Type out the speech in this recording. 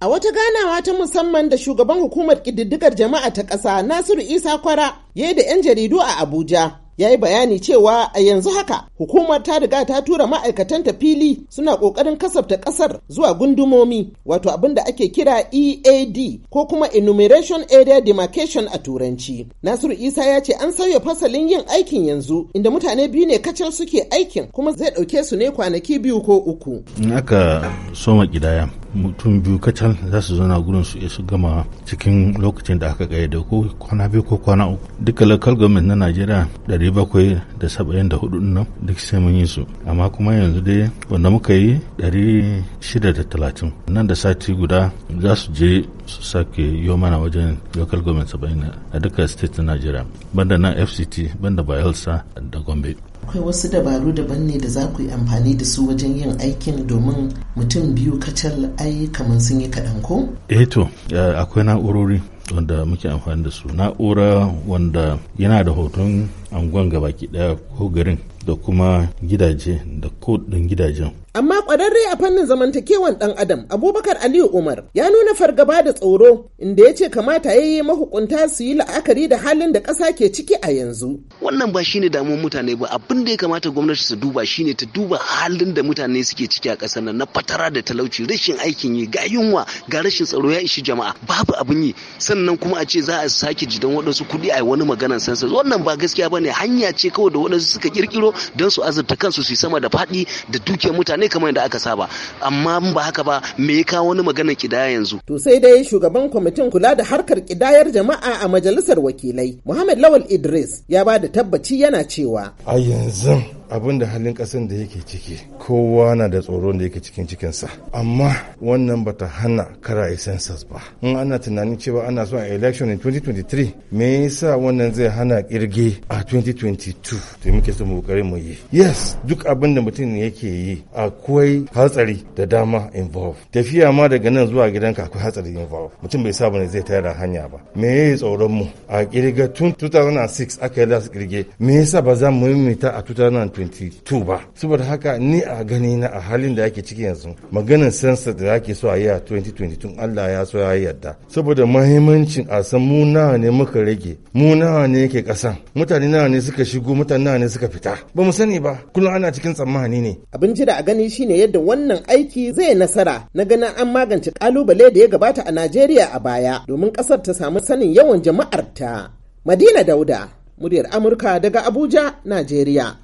A wata ganawa ta musamman da shugaban hukumar ƙididdigar jama'a ta ƙasa Nasiru Isa Kwara ya yi da 'yan jaridu a Abuja. Ya yi bayani cewa a yanzu haka hukumar ta riga ta tura ma'aikatanta fili suna ƙoƙarin kasafta ƙasar zuwa gundumomi wato abin da ake kira EAD ko kuma Enumeration Area Demarcation a Turanci. Nasiru Isa ya ce an sauya fasalin yin aikin yanzu inda mutane biyu ne kacal suke aikin kuma zai ɗauke su ne kwanaki biyu ko uku. In aka soma mutum biyu kacal za su zauna gurin su su gama cikin lokacin da aka da ko kwana biyu ko kwana uku duka local government na najeriya ɗari bakwai da saba'in da hudu nan duk sai mun yi su amma kuma yanzu dai wanda muka yi ɗari shida da talatin nan da sati guda za su je su sake yi mana wajen local government saba'in a duka state na najeriya banda na fct banda bayelsa da gombe akwai wasu dabaru daban ne da za ku yi amfani da su wajen yin aikin domin mutum biyu kacal ai kamar sun yi kaɗan ko? eh to akwai na'urori wanda muke amfani da su na'ura wanda yana da hoton anguwan gabaki daya ko garin da kuma gidaje da kodin gidajen amma kwararre a fannin zamantakewan dan adam abubakar aliyu umar ya nuna fargaba da tsoro inda ya ce kamata ya yi mahukunta su yi la'akari da halin da ƙasa ke ciki a yanzu wannan ba shine damuwar mutane ba abin da ya kamata gwamnati su duba shine ta duba halin da mutane suke ciki a ƙasar nan na fatara da talauci rashin aikin yi ga yunwa ga rashin tsaro ya ishi jama'a babu abin yi sannan kuma a ce za a sake jidan waɗansu kuɗi a wani maganar sansa wannan ba gaskiya ba bane hanya ce kawai da waɗansu suka kirkiro don su azurta kansu su sama da faɗi da dukiyar mutane kamar yadda aka saba amma ba haka ba me ya kawo wani maganar kidaya yanzu to sai dai shugaban kwamitin kula da harkar kidayar jama'a a majalisar wakilai Muhammad Lawal Idris ya ba da tabbaci yana cewa a yanzu abin da halin ƙasan da yake ciki kowa na da tsoron da yake cikin cikinsa amma wannan bata hana kara census ba in ana tunanin cewa ana so a election in 2023 me yasa wannan zai hana kirge a 2022 to muke so mu kokari mu yi yes duk abin da mutum yake yi akwai hatsari da dama involved tafiya ma daga nan zuwa gidanka akwai hatsari involved mutum bai saba ne zai tayar da hanya ba me yayi tsoron mu a ƙirga tun 2006 aka yi last kirge me yasa ba za mu mita a 2022 2022 ba saboda haka ni a gani na a halin da ake ciki yanzu maganin sensa da ake so a yi a 2022 Allah ya so ya yarda saboda mahimmancin a san mu nawa ne muka rage mu nawa ne yake kasan mutane nawa ne suka shigo mutane nawa ne suka fita ba mu sani ba kullum ana cikin tsammani ne abin da a gani shine yadda wannan aiki zai nasara na ganin an magance kalubale da ya gabata a Najeriya a baya domin kasar ta samu sanin yawan jama'ar ta Madina Dauda muryar Amurka daga Abuja Najeriya